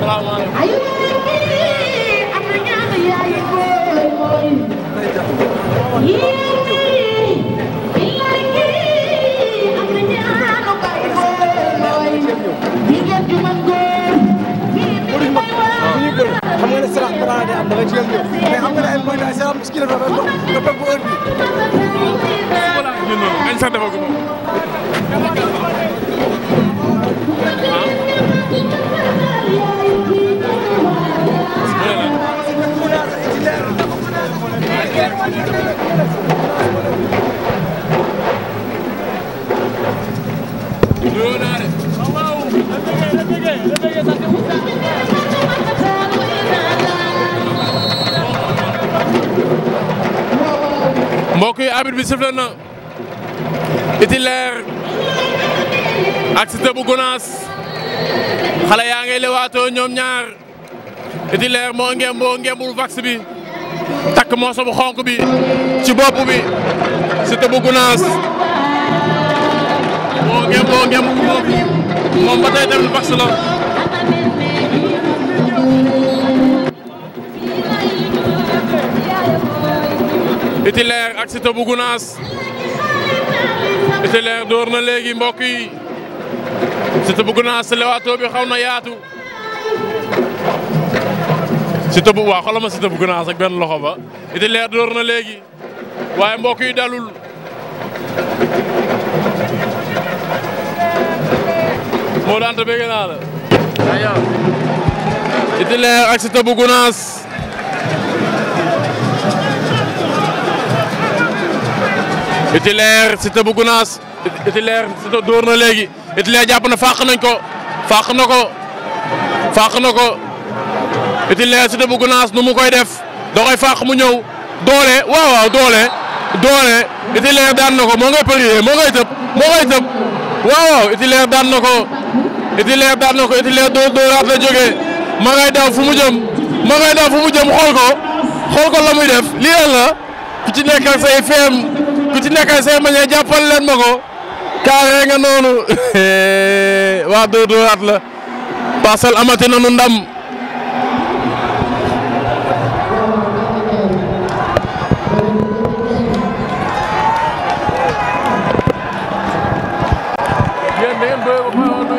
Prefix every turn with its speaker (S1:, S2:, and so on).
S1: mais am nga ne ay mbokk yi arbitre bi sifflé na Titulaire ak Siteu bu Gunaas xale yaa ngay lewaatoo ñoom ñaar Titulaire moo ngem boo ngembul vax bi takk mooso bu xonk bi ci bopp bi Siteu bu Gunaas moom ba tey tamit max la Titulaire ak Siteu bu Gunaas Titulaire door na léegi mbokk yi Siteu bu Gunaas lewaatoo bi xaw na yaatu Siteu bu waaw xoolal ma Siteu bu Gunaas ak benn loxo ba Titulaire door na léegi waaye mbokk yi dalul Modou Anta bëgg naa la. Titulaire ak Siteu bu Gounass. Titulaire Siteu bu Gounass. Titulaire Siteu dóor na léegi Titulaire jàpp na fàq nañ ko fàq na ko fàq na ko Titulaire Siteu bu Gounass nu koy def da koy mu ñëw doole waaw waaw doole doole Titulaire daan na ko moo ngay prier moo ngay tëb moo ngay tëb waaw waaw Titulaire daan na ko. Itileer daan na ko Itileer dóor dóoraat la jógee ma ngay daw fu mu jëm ma ngay daw fu mu jëm xool ko xool ko la muy def lii la ku ci nekk say feem ku ci nekkal say mañee jàppal leen ma ko kaaree nga noonu waa dóor dóoraat la parcelle amati na nu